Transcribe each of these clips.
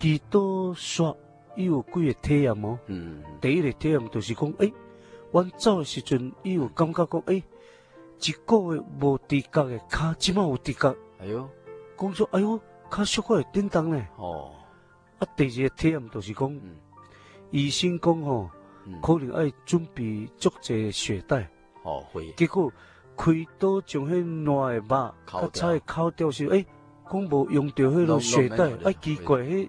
佢都話：，伊有幾個體驗喎，哦嗯。第一個體驗，就是講誒，我走嘅時陣，伊有感覺講，誒，一個月冇知覺嘅卡，即碼有知覺？係喎，講咗，哎喲，腳縮過嚟點動咧？哦，啊，第二個體驗就是講，醫生講哦、嗯，可能要準備足濟血袋。哦，係。結果，開刀將佢兩嘅肉，佢拆，靠掉先，誒，講冇用到個血袋，奇怪，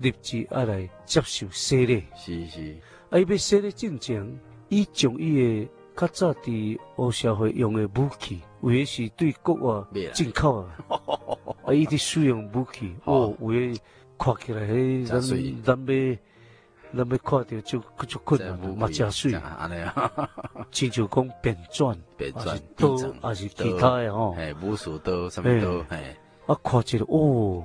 立志要來接受洗禮，是是。啊正正，伊要洗禮進前，伊將伊的較早佇黑社會用的武器，為的是對國外進口的。 啊，伊佇使用武器哦，為、哦、看起來，咱咱要咱要看着，就就困難，冇冇吃水。啊，親像講扁鑽扁鑽，都還是其他的哦，武術都刀，甚物刀？哎，啊，看起、嗯、哦。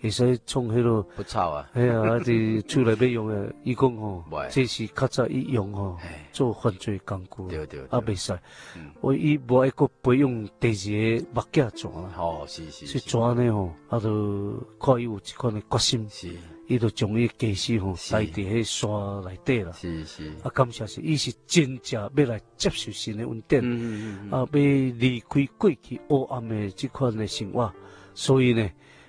而且從迄個，係啊，阿啲出來，咪用的，伊講吼，即是較早伊用吼、哦，做犯罪工具對，對，對，對未使，為伊無一個培養第二個目鏡匠啦，吼，是是，這匠呢吼，阿都可以有一款嘅決心，伊都將伊決心吼帶佇迄山內底啦，是是，阿感謝是，伊是真正要來接受新的穩定，嗯嗯嗯，啊，要離開過去黑暗的即款嘅生活，嗯嗯，所以呢。